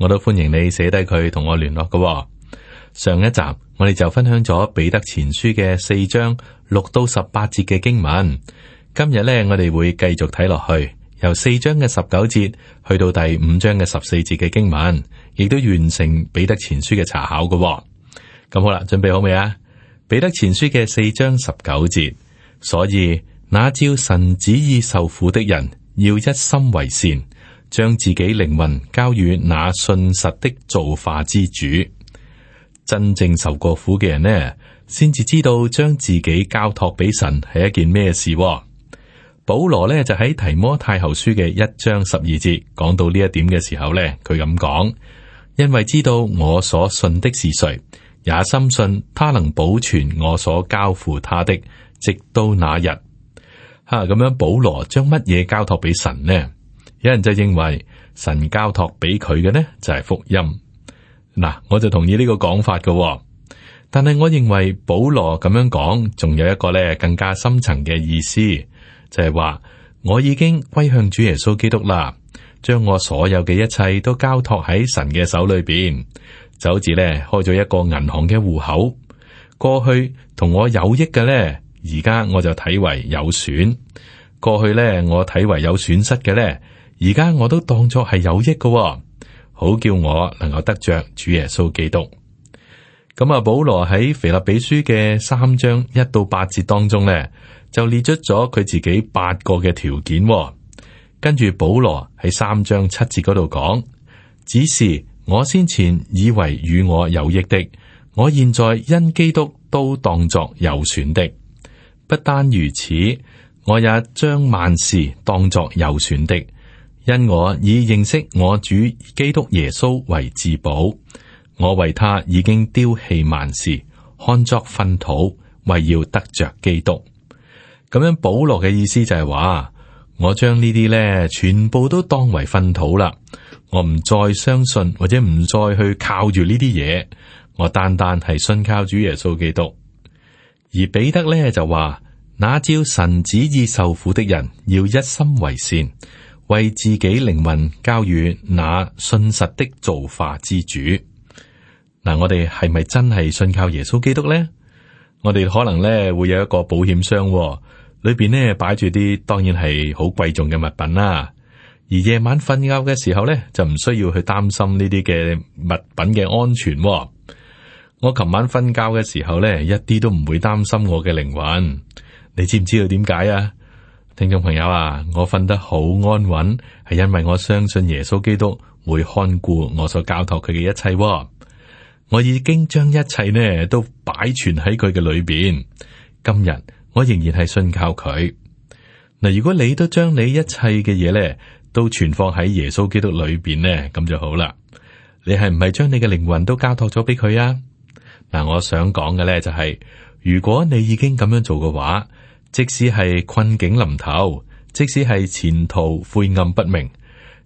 我都歡迎你寫低佢同我聯絡嘅哦。上一集我哋就分享咗彼得前書嘅四章六到十八節嘅經文，今日呢，我哋會繼續睇落去，由四章嘅十九節去到第五章嘅十四節嘅經文，亦都完成彼得前書嘅查考嘅哦。咁，嗯，好啦，準備好未啊？彼得前書嘅四章十九節，所以那照神旨意受苦的人，要一心為善。將自己靈魂交與那信實的造化之主，真正受過苦嘅人呢，先至知道將自己交託俾神係一件咩事，哦。保羅呢就喺提摩太後書嘅一章十二節講到呢一點嘅時候呢，佢咁講，因為知道我所信的是誰，也深信他能保存我所交付他的，直到那日。吓、啊、咁樣，保羅將乜嘢交託俾神呢？有人就認為神交託俾佢嘅呢就係福音嗱，我就同意呢個講法嘅喎。但係我認為保羅咁樣講，仲有一個咧更加深層嘅意思，就係話我已經歸向主耶穌基督啦，將我所有嘅一切都交託喺神嘅手裏邊，就好似咧開咗一個銀行嘅戶口，過去同我有益嘅呢，而家我就睇為有損；過去呢，我睇為有損失嘅呢。而家我都當作係有益嘅、哦，好叫我能夠得着主耶穌基督。咁、嗯、啊，保羅喺腓立比書嘅三章一到八節當中咧，就列出咗佢自己八個嘅條件、哦。跟住保羅喺三章七節嗰度講，只是我先前以為與我有益的，我現在因基督都當作有損的。不單如此，我也將萬事當作有損的。因我以認識我主基督耶穌為至寶，我為他已經丟棄萬事，看作糞土，為要得着基督。咁樣保羅嘅意思就係話，我將呢啲咧全部都當為糞土啦，我唔再相信或者唔再去靠住呢啲嘢，我單單係信靠主耶穌基督。而彼得咧就話，那照神旨意受苦的人，要一心為善。為自己靈魂交與那信實的造化之主。嗱、啊，我哋係咪真係信靠耶穌基督呢？我哋可能咧會有一個保險箱、哦，裏邊咧擺住啲當然係好貴重嘅物品啦、啊。而夜晚瞓覺嘅時候咧，就唔需要去擔心呢啲嘅物品嘅安全、哦。我琴晚瞓覺嘅時候咧，一啲都唔會擔心我嘅靈魂。你知唔知道點解啊？聽眾朋友啊，我瞓得好安穩，係因為我相信耶穌基督會看顧我所交託佢嘅一切啊。我已經將一切呢都擺存喺佢嘅裏邊。今日我仍然係信靠佢。嗱，如果你都將你一切嘅嘢呢，都存放喺耶穌基督裏邊呢，咁就好啦。你係唔係將你嘅靈魂都交託咗俾佢啊？嗱，我想講嘅呢就係，如果你已經咁樣做嘅話。即使係困境臨頭，即使係前途晦暗不明，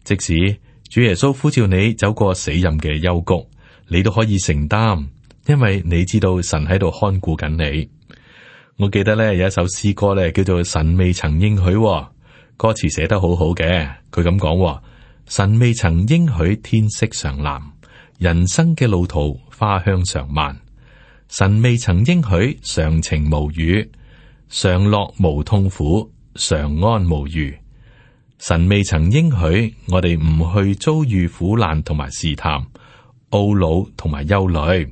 即使主耶穌呼召你走過死蔭嘅幽谷，你都可以承擔，因為你知道神喺度看顧緊你。我記得咧有一首詩歌咧，叫做《神未曾應許》，歌詞寫得好好嘅。佢咁講：神未曾應許天色常藍，人生嘅路途花香常漫；神未曾應許常晴無雨，常樂無痛苦，常安無虞。神未曾應許我哋唔去遭遇苦難同埋試探，懊惱同埋憂慮。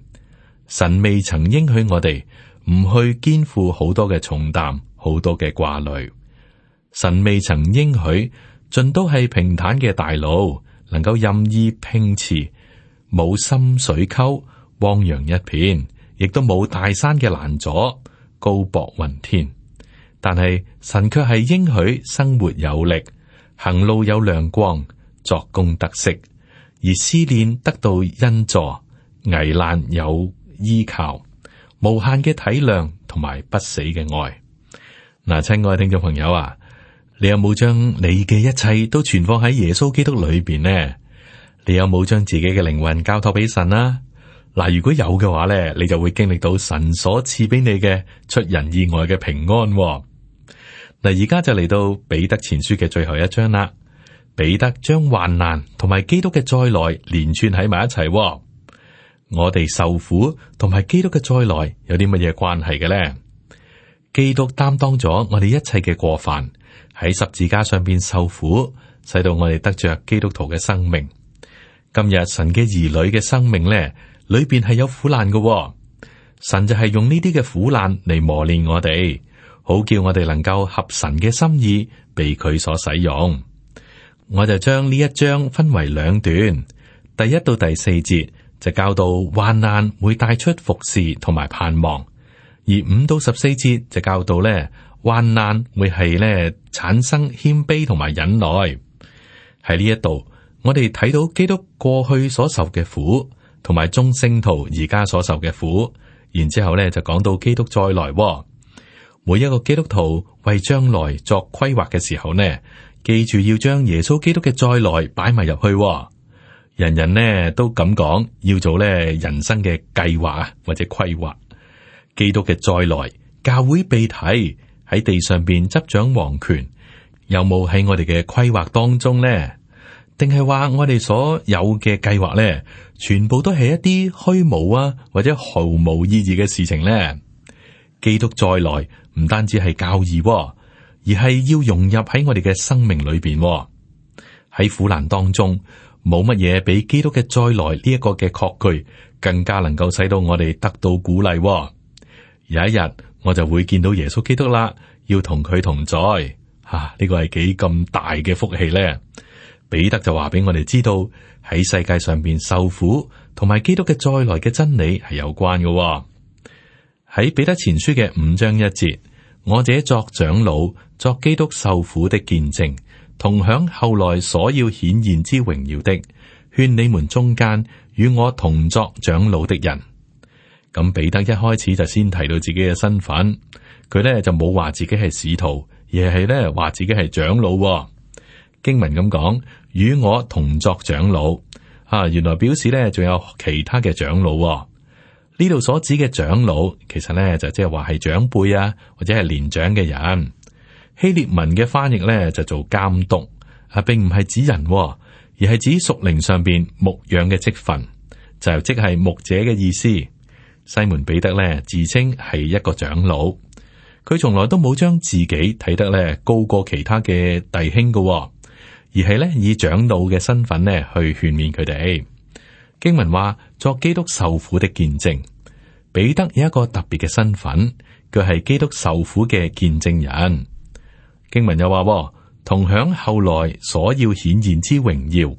神未曾應許我哋唔去肩負好多嘅重擔，好多嘅掛慮。神未曾應許，盡都係平坦嘅大路，能夠任意拼馳，冇深水溝，汪洋一片，亦都冇大山嘅攔阻。高薄雲天，但係神卻係應許生活有力，行路有亮光，作工得食，而思念得到恩助，危難有依靠，無限嘅體諒同埋不死嘅愛。嗱，親愛聽眾朋友啊，你有冇將你嘅一切都存放喺耶穌基督裏邊呢？你有冇將自己嘅靈魂交託俾神啊？嗱，如果有嘅話咧，你就會經歷到神所賜俾你嘅出人意外嘅平安、哦。嗱，而家就嚟到彼得前書嘅最後一章啦。彼得將患難同埋基督嘅再來連串喺埋一齊、哦。我哋受苦同埋基督嘅再來有啲乜嘢關係嘅咧？基督擔當咗我哋一切嘅過犯，喺十字架上邊受苦，使到我哋得着基督徒嘅生命。今日神嘅兒女嘅生命咧。裏邊係有苦難嘅，哦，神就係用呢啲嘅苦難嚟磨練我哋，好叫我哋能夠合神嘅心意，被佢所使用。我就將呢一章分為兩段，第一到第四節就教到患難會帶出服侍同埋盼望，而五到十四節就教到咧患難會係咧產生謙卑同埋忍耐。喺呢一度，我哋睇到基督過去所受嘅苦。同埋中聖徒而家所受嘅苦，然之後咧就講到基督再來。哦。每一個基督徒為將來作規劃嘅時候呢，記住要將耶穌基督嘅再來擺埋入去。哦。人人呢都咁講，要做咧人生嘅計劃或者規劃。基督嘅再來，教會被提喺地上邊執掌王權，有冇喺我哋嘅規劃當中呢？定係話我哋所有嘅計劃咧，全部都係一啲虛無啊，或者毫無意義嘅事情咧。基督再來，唔單止係教義喎，而係要融入喺我哋嘅生命裏邊喎。喺苦難當中，冇乜嘢比基督嘅再來呢一個嘅確據，更加能夠使到我哋得到鼓勵喎。有一日，我就會見到耶穌基督啦，要同佢同在。吓、啊，呢個係幾咁大嘅福氣咧！彼得就話俾我哋知道，喺世界上邊受苦同埋基督嘅再來嘅真理係有關嘅、哦。喺彼得前書嘅五章一節，我這作長老、作基督受苦的見證，同享後來所要顯現之榮耀的，勸你們中間與我同作長老的人。咁彼得一開始就先提到自己嘅身份，佢咧就冇話自己係使徒，而係咧話自己係長老、哦。經文咁講。與我同作長老啊，原來表示呢，仲有其他嘅長老。呢度所指嘅長老，其實呢就即係話係長輩啊，或者係年長嘅人。希列文嘅翻譯呢就做監督啊，並唔係指人，而係指屬靈上邊牧養嘅職份，就即係牧者嘅意思。西門彼得呢，自稱係一個長老，佢從來都冇將自己睇得呢高過其他嘅弟兄噶。而係咧以長老嘅身份咧去勸勉佢哋。經文話作基督受苦的見證，彼得有一個特別嘅身份，佢係基督受苦嘅見證人。經文又話同享後來所要顯現之榮耀，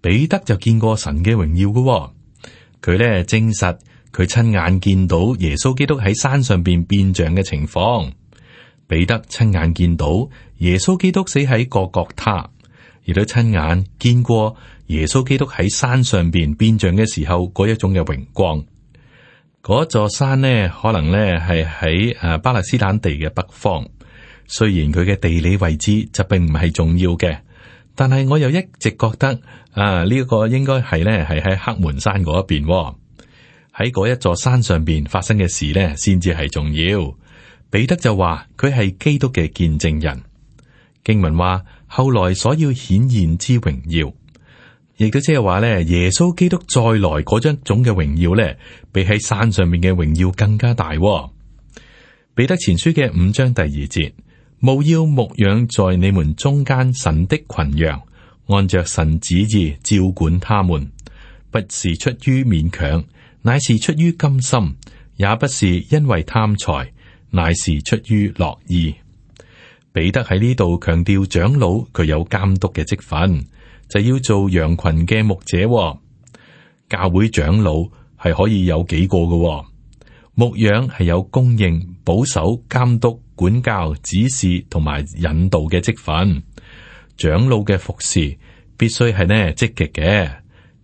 彼得就見過神嘅榮耀噶。佢咧證實佢親眼見到耶穌基督喺山上邊變像嘅情況，彼得親眼見到耶穌基督死喺各各他。亦都親眼見過耶穌基督喺山上邊變像嘅時候嗰一種嘅榮光，嗰座山呢，可能呢係喺誒巴勒斯坦地嘅北方。雖然佢嘅地理位置就並唔係重要嘅，但係我又一直覺得啊，呢一個應該係呢係喺黑門山嗰一邊。喺嗰一座山上邊發生嘅事呢，先至係重要。彼得就話佢係基督嘅見證人。經文話。後來所要顯現之榮耀，亦都即係話咧，耶穌基督再來嗰種種嘅榮耀咧，比喺山上面嘅榮耀更加大。彼得前書嘅五章第二節，務要牧養在你們中間神的群羊，按着神旨意照管他們，不是出於勉強，乃是出於甘心，也不是因為貪財，乃是出於樂意。彼得喺呢度強調長老佢有監督嘅職分，就是，要做羊群嘅牧者，哦。教會長老係可以有幾個嘅，哦，牧養係有供應、保守、監督、管教、指示同埋引導嘅職分。長老嘅服侍必須係呢積極嘅，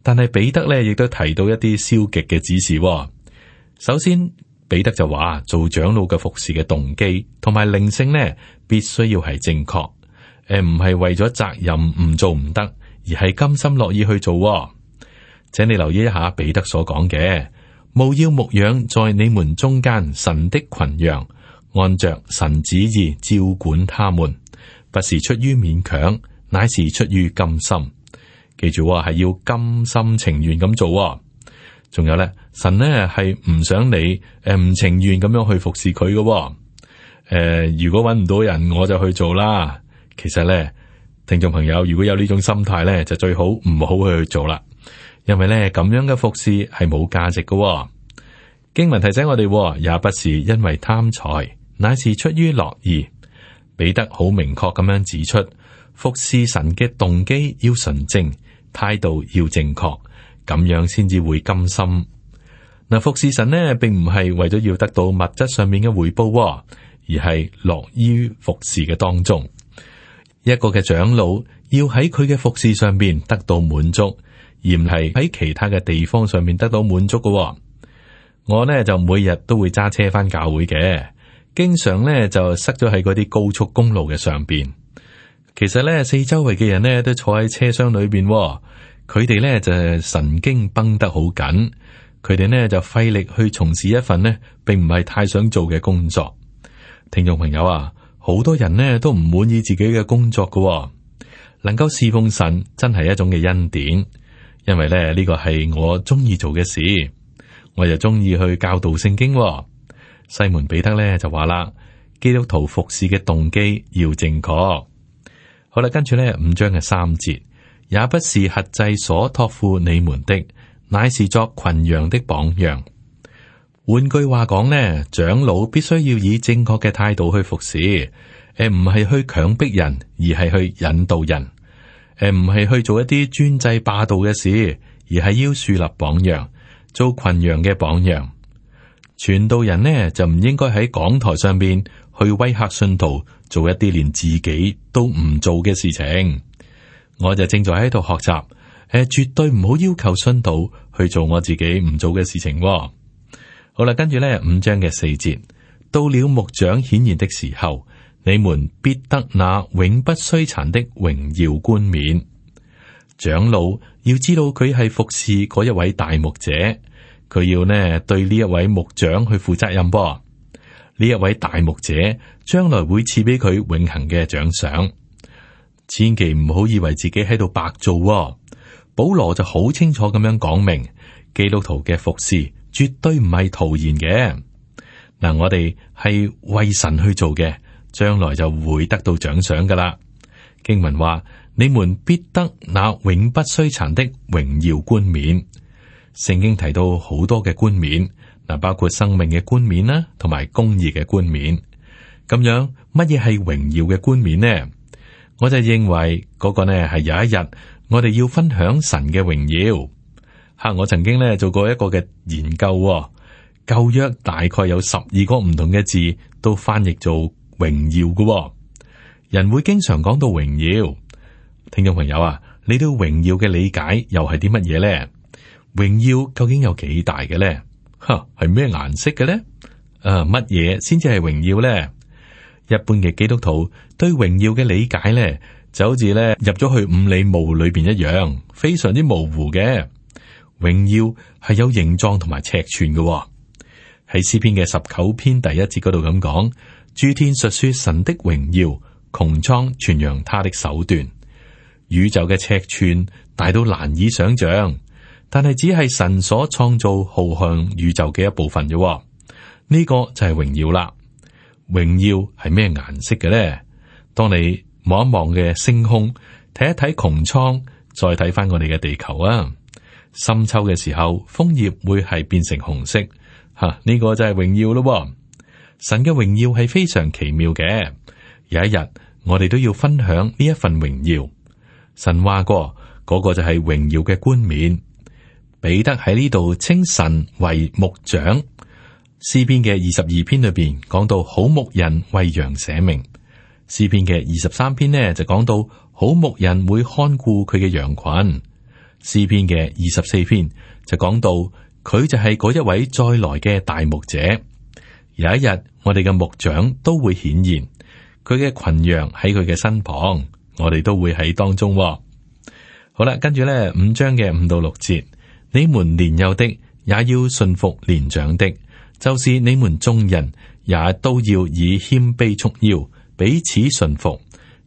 但係彼得咧亦都提到一啲消極嘅指示，哦。首先。彼得就話做長老嘅服侍嘅動機同埋靈性呢，必須要係正確，誒，唔係為咗責任唔做唔得，而係甘心樂意去做哦。請你留意一下彼得所講嘅，務要牧養在你們中間神的群羊，按着神旨意照管他們，不是出於勉強，乃是出於甘心。記住啊哦，係要甘心情願咁做啊哦。仲有咧，神咧係唔想你誒唔、呃、情願咁樣去服侍佢嘅、哦，誒、呃、如果揾唔到人我就去做啦。其實咧，聽眾朋友如果有呢種心態咧，就最好唔好去做啦，因為咧咁樣嘅服侍係冇價值嘅、哦。經文提醒我哋、哦，也不是因為貪財，乃是出於樂意。彼得好明確咁樣指出，服侍神嘅動機要純正，態度要正確。咁樣先至會甘心。嗱、呃，服侍神呢，並唔係為咗要得到物質上面嘅回報，而係樂於服侍嘅當中。一個嘅長老要喺佢嘅服侍上邊得到滿足，而唔係喺其他嘅地方上面得到滿足嘅。我呢就每日都會揸車翻教會嘅，經常呢就塞咗喺嗰啲高速公路嘅上邊。其實呢四周圍嘅人呢都坐喺車廂裏邊。呃佢哋咧就神經繃得好緊，佢哋呢就費力去從事一份咧並唔係太想做嘅工作。聽眾朋友啊，好多人呢都唔滿意自己嘅工作噶喎，能夠侍奉神真係一種嘅恩典，因為咧呢個係我中意做嘅事，我又中意去教導聖經喎。西門彼得咧就話啦，基督徒服侍嘅動機要正確。好啦，跟住咧五章嘅三節。也不是轄制所託付你們的，乃是作群羊的榜樣。換句話講呢，長老必須要以正確嘅態度去服侍，誒唔係去強迫人，而係去引導人，誒唔係去做一啲專制霸道嘅事，而係要樹立榜樣，做群羊嘅榜樣。傳道人呢，就唔應該喺講台上邊去威嚇信徒，做一啲連自己都唔做嘅事情。我就正在喺度學習，誒，絕對唔好要，要求信徒去做我自己唔做嘅事情。好啦，跟住咧五章嘅四節，到了牧長顯現的時候，你們必得那永不衰殘的榮耀冠冕。長老要知道佢係服侍嗰一位大牧者，佢要呢對呢一位牧長，去負責任噃。呢一位大牧者將來會賜俾佢永恆嘅獎賞。千祈唔好以為自己喺度白做。哦，保羅就好清楚咁樣講明，基督徒嘅服侍絕對唔係徒然嘅。嗱、啊，我哋係為神去做嘅，將來就會得到獎賞噶啦。經文話：你們必得那永不衰殘的榮耀冠冕。聖經提到好多嘅冠冕，嗱，包括生命嘅冠冕啦，同埋公義嘅冠冕。咁樣乜嘢係榮耀嘅冠冕呢？我就認為嗰個呢係有一日，我哋要分享神嘅榮耀。吓、啊，我曾經呢做過一個嘅研究，舊約大概有十二個唔同嘅字都翻譯做榮耀嘅。人會經常講到榮耀，聽眾朋友啊，你對榮耀嘅理解又係啲乜嘢呢？榮耀究竟有幾大嘅呢？吓，係咩顏色嘅呢？誒、啊，乜嘢先至係榮耀呢？一般嘅基督徒對榮耀嘅理解咧，就好似咧入咗去五里霧裏邊一樣，非常之模糊嘅。榮耀係有形狀同埋尺寸嘅。哦，喺詩篇嘅十九篇第一節嗰度咁講：諸天述說神的榮耀，穹蒼傳揚他的手段。宇宙嘅尺寸大到難以想象，但係只係神所創造浩瀚宇宙嘅一部分啫。呢個就係榮耀啦。榮耀係咩顏色嘅咧？當你望一望嘅星空，睇一睇穹蒼，再睇翻我哋嘅地球啊！深秋嘅時候，楓葉會係變成紅色，吓呢、這個就係榮耀咯。神嘅榮耀係非常奇妙嘅，有一日我哋都要分享呢一份榮耀。神話過，嗰、那個就係榮耀嘅冠冕。彼得喺呢度稱神為牧長。詩篇嘅二十二篇裏邊講到，好牧人為羊捨命。詩篇嘅二十三篇呢就講到，好牧人會看顧佢嘅羊群。詩篇嘅二十四篇就講到，佢就係嗰一位再來嘅大牧者。有一日，我哋嘅牧長都會顯現，佢嘅群羊喺佢嘅身旁，我哋都會喺當中，哦。好啦，跟住呢五章嘅五到六節，你們年幼的也要信服年長的。就是你們眾人也都要以謙卑束腰，彼此順服，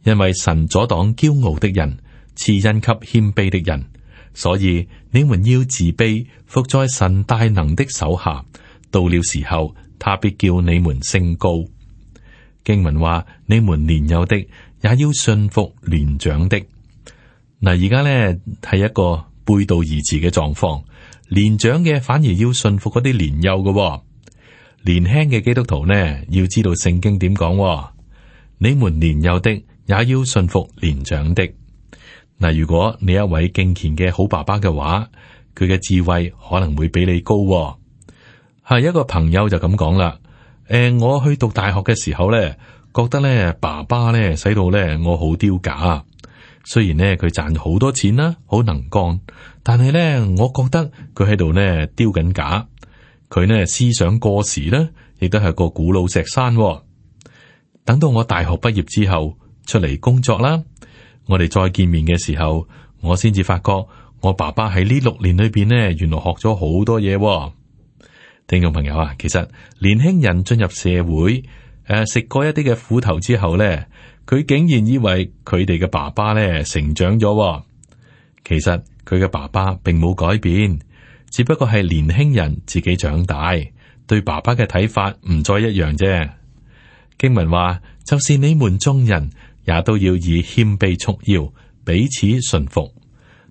因為神阻擋驕傲的人，賜恩給謙卑的人。所以你們要自卑，服在神大能的手下。到了時候，他必叫你們升高。經文話：你們年幼的也要順服年長的。嗱，而家咧係一個背道而馳嘅狀況，年長嘅反而要順服嗰啲年幼嘅。年輕嘅基督徒呢，要知道聖經點講、哦？你們年幼的也要順服年長的。嗱，如果你一位敬虔嘅好爸爸嘅話，佢嘅智慧可能會比你高、哦。係一個朋友就咁講啦。誒，我去讀大學嘅時候呢，覺得呢爸爸呢使到呢我好丟架。雖然呢，佢賺好多錢啦，好能幹，但係呢，我覺得佢喺度呢丟緊架。佢呢，思想過時啦，亦都係個古老石山喎。等到我大學畢業之後出嚟工作啦，我哋再見面嘅時候，我先至發覺我爸爸喺呢六年裏邊呢，原來學咗好多嘢喎。聽眾朋友啊，其實年輕人進入社會，誒、啊、食過一啲嘅苦頭之後呢，佢竟然以為佢哋嘅爸爸呢成長咗喎，其實佢嘅爸爸並冇改變。只不過係年輕人自己長大，對爸爸嘅睇法唔再一樣啫。經文話，就是你們眾人也都要以謙卑束腰，彼此順服。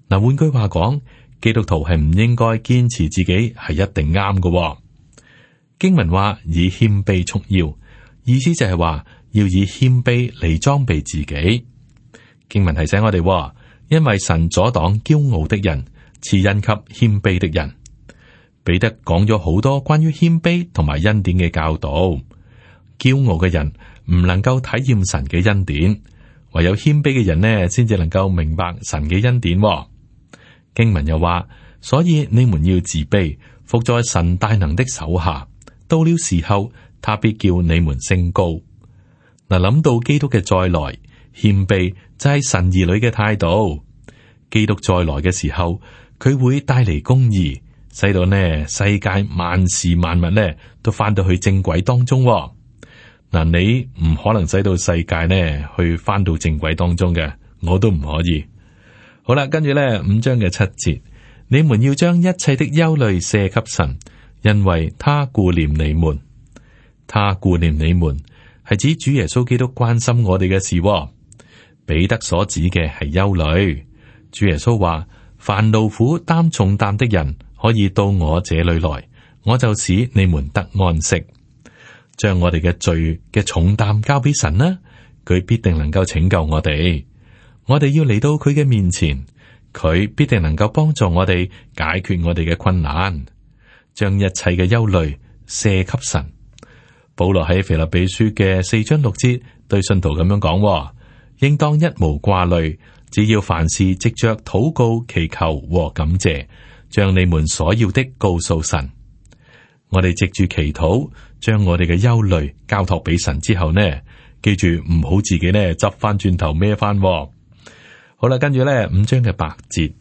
嗱，換句話講，基督徒係唔應該堅持自己係一定啱嘅。經文話以謙卑束腰，意思就係話要以謙卑嚟裝備自己。經文提醒我哋話，因為神阻擋驕傲的人，賜恩給謙卑的人。彼得講咗好多關於謙卑同埋恩典嘅教導。驕傲嘅人唔能夠體驗神嘅恩典，唯有謙卑嘅人呢，先至能夠明白神嘅恩典，哦。經文又話：所以你們要自卑，服在神大能的手下。到了時候，他必叫你們升高。嗱，諗到基督嘅再來，謙卑就係神兒女嘅態度。基督再來嘅時候。佢會帶嚟公義，使到呢世界萬事萬物呢都翻到去正軌當中。嗱，你唔可能使到世界呢去翻到正軌當中嘅，我都唔可以。好啦，跟住呢五章嘅七節，你們要將一切的憂慮卸給神，因為他顧念你們。他顧念你們係指主耶穌基督關心我哋嘅事。彼得所指嘅係憂慮，主耶穌話。凡勞苦擔重擔的人可以到我這裏來，我就使你們得安息。將我哋嘅罪嘅重擔交俾神啦，佢必定能夠拯救我哋。我哋要嚟到佢嘅面前，佢必定能夠幫助我哋解決我哋嘅困難。將一切嘅憂慮卸給神。保羅喺腓立比書嘅四章六節對信徒咁樣講：應當一無掛慮。只要凡事藉着禱告、祈求和感謝，將你們所要的告訴神。我哋藉住祈禱，將我哋嘅憂慮交託俾神之後呢，記住唔好自己呢執翻轉頭孭翻。好啦，跟住呢五章嘅八節，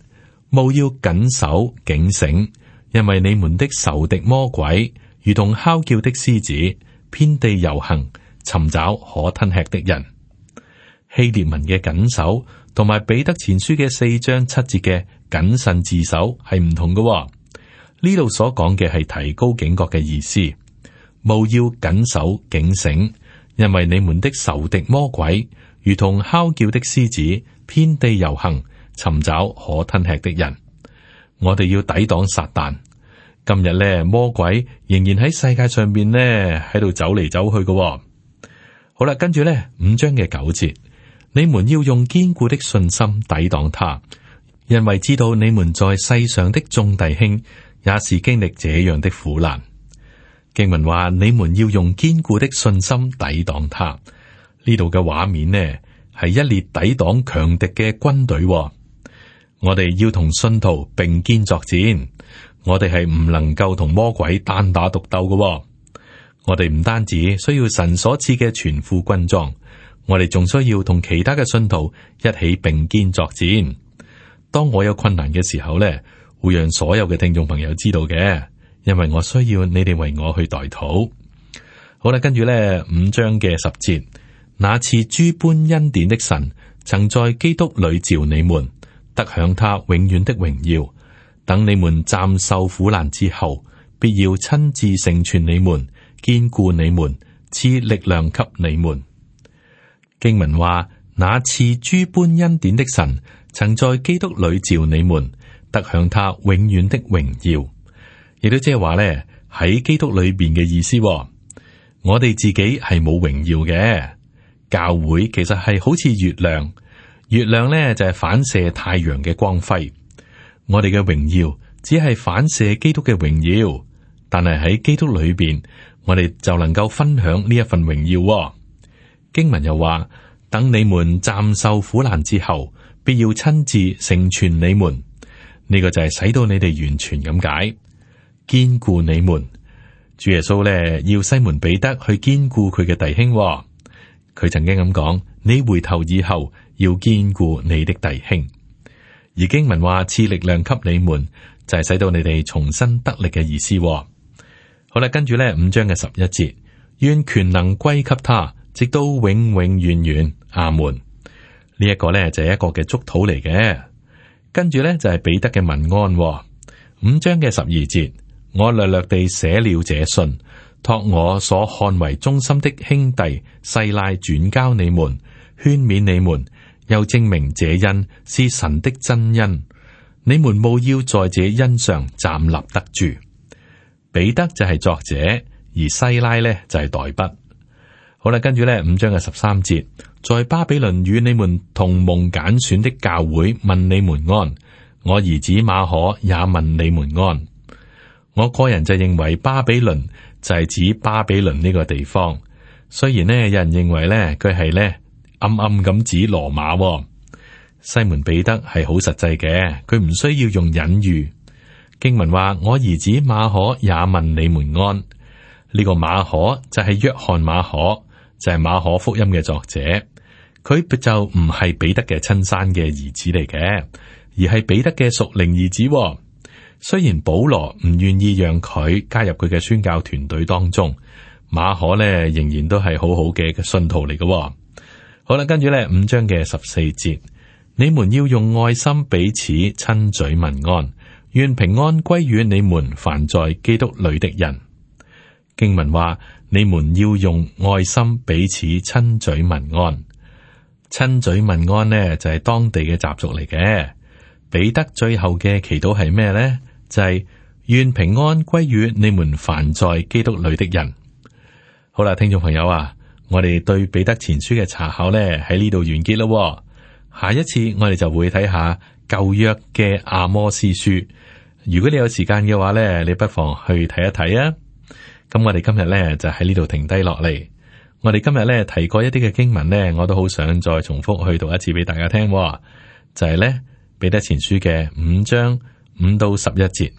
務要謹守警醒，因為你們的仇敵魔鬼如同吼叫的獅子，遍地遊行，尋找可吞吃的人。希臘文嘅謹守。同埋彼得前書嘅四章七節嘅謹慎自守係唔同嘅、哦，呢度所講嘅係提高警覺嘅意思。務要謹守警醒，因為你們的仇敵魔鬼如同敲叫的獅子，遍地遊行，尋找可吞吃的人。我哋要抵擋撒但。今日咧，魔鬼仍然喺世界上面呢，喺度走嚟走去嘅、哦。好啦，跟住咧五章嘅九節。你們要用堅固的信心抵擋他，因為知道你們在世上的眾弟兄也是經歷這樣的苦難。經文話你們要用堅固的信心抵擋他。呢度嘅畫面呢，係一列抵擋強敵嘅軍隊、哦。我哋要同信徒並肩作戰，我哋係唔能夠同魔鬼單打獨鬥嘅、哦。我哋唔單止需要神所賜嘅全副軍裝。我哋仲需要同其他嘅信徒一起並肩作戰。當我有困難嘅時候呢，會讓所有嘅聽眾朋友知道嘅，因為我需要你哋為我去代禱。好啦，跟住呢五章嘅十節，那賜諸般恩典的神，曾在基督裏召你們得享他永遠的榮耀。等你們暫受苦難之後，必要親自成全你們，堅固你們，賜力量給你們。經文話：那賜諸般恩典的神，曾在基督裏召你們，得享他永遠的榮耀。亦都即係話咧喺基督裏邊嘅意思、哦。我哋自己係冇榮耀嘅，教會其實係好似月亮，月亮咧就係、是、反射太陽嘅光輝。我哋嘅榮耀只係反射基督嘅榮耀，但係喺基督裏邊，我哋就能夠分享呢一份榮耀、哦。經文又話：等你們暫受苦難之後，必要親自成全你們。呢、這個就係使到你哋完全咁解，兼顧你們。主耶穌咧要西門彼得去兼顧佢嘅弟兄、哦。佢曾經咁講：你回頭以後要兼顧你的弟兄。而經文話賜力量給你們，就係、是、使到你哋重新得力嘅意思、哦。好啦，跟住咧五章嘅十一節，願權能歸給他。直到永永遠遠，阿門。呢一個呢，就係一個嘅祝禱嚟嘅，跟住呢，就係彼得嘅文安、哦，五章嘅十二節，我略略地寫了這信，託我所看為忠心的兄弟西拉轉交你們，勸勉你們，又證明這恩是神的真恩，你們務要在這恩上站立得住。彼得就係作者，而西拉呢，就係代筆。好咧，跟住咧五章嘅十三節，在巴比倫與你們同蒙揀選的教會問你們安，我兒子馬可也問你們安。我個人就認為巴比倫就係指巴比倫呢個地方，雖然呢，有人認為呢，佢係呢，暗暗咁指羅馬，哦。西門彼得係好實際嘅，佢唔需要用隱喻。經文話我兒子馬可也問你們安，呢個馬可就係約翰馬可。就係馬可福音嘅作者，佢就唔係彼得嘅親生嘅兒子嚟嘅，而係彼得嘅屬靈兒子。雖然保羅唔願意讓佢加入佢嘅宣教團隊當中，馬可咧仍然都係好好嘅信徒嚟嘅。好啦，跟住咧五章嘅十四節，你們要用愛心彼此親嘴問安，願平安歸與你們，凡在基督裏的人。經文話。你們要用愛心彼此親嘴問安，親嘴問安呢，就係當地嘅習俗嚟嘅。彼得最後嘅祈禱係咩呢？就係願平安歸於你們凡在基督裏的人。好啦，聽眾朋友啊，我哋對彼得前書嘅查考呢，喺呢度完結咯。下一次我哋就會睇下舊約嘅阿摩斯書。如果你有時間嘅話呢，你不妨去睇一睇啊。咁我哋今日咧就喺呢度停低落嚟。我哋今日咧提過一啲嘅經文咧，我都好想再重複去讀一次俾大家聽。就係咧彼得前書嘅五章五到十一節，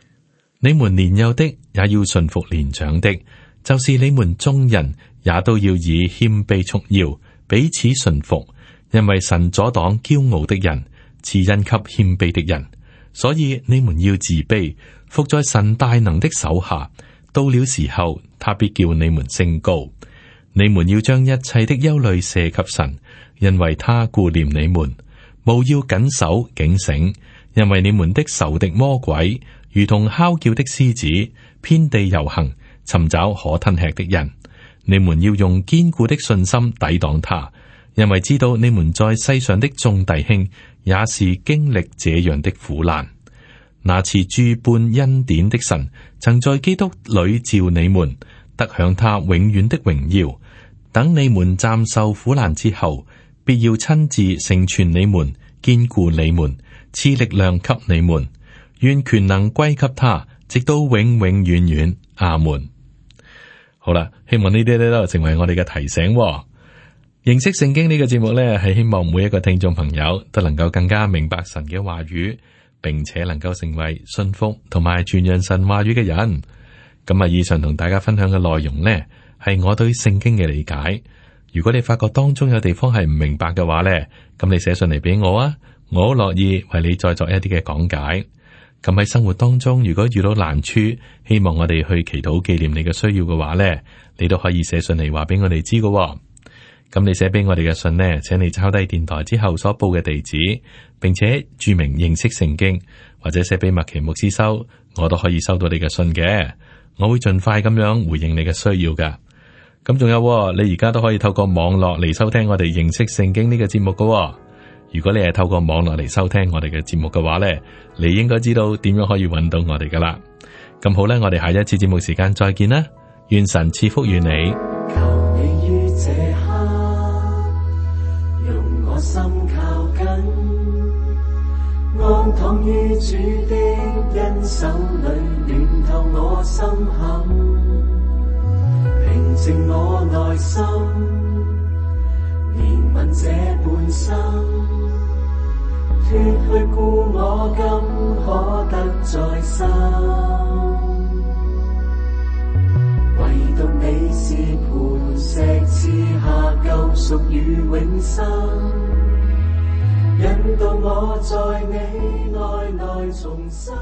你們年幼的也要順服年長的，就是你們眾人也都要以謙卑束腰，彼此順服，因為神阻擋驕傲的人，賜恩給謙卑的人，所以你們要自卑，服在神大能的手下。到了時候，他必叫你們升高，你們要將一切的憂慮卸給神，因為他顧念你們。務要謹守警醒，因為你們的仇敵魔鬼如同吼叫的獅子，遍地遊行，尋找可吞吃的人。你們要用堅固的信心抵擋他，因為知道你們在世上的眾弟兄也是經歷這樣的苦難。那賜諸般恩典的神，曾在基督裏召你們得享他永遠的榮耀。等你們暫受苦難之後，必要親自成全你們，堅固你們，賜力量給你們。願權能歸給他，直到永永遠遠。阿門。好啦，希望呢啲咧都成為我哋嘅提醒、哦。認識聖經呢、呢個節目呢，係希望每一個聽眾朋友都能夠更加明白神嘅話語。並且能夠成為信服同埋全人神話語嘅人。咁啊，以上同大家分享嘅內容呢，係我對聖經嘅理解。如果你發覺當中有地方係唔明白嘅話呢，咁你寫信嚟俾我啊，我好樂意為你再作一啲嘅講解。咁喺生活當中，如果遇到難處，希望我哋去祈禱紀念你嘅需要嘅話呢，你都可以寫信嚟話俾我哋知㗎。咁你寫俾我哋嘅信呢，請你抄低電台之後所報嘅地址，並且注明認識聖經，或者寫俾麥奇牧師收，我都可以收到你嘅信嘅。我會盡快咁樣回應你嘅需要噶。咁仲有喎，你而家都可以透過網絡嚟收聽我哋認識聖經呢個節目噶喎。如果你係透過網絡嚟收聽我哋嘅節目嘅話呢，你應該知道點樣可以揾到我哋噶啦。咁好啦，我哋下一次節目時間再見啦。願神賜福與你。心靠近安躺於主的恩手裏，暖透我心坎，平靜我內心，憐憫這半生，脫去故我今可得再生，唯獨你是磐石，賜下救贖與永生。引導我在你愛內內重生。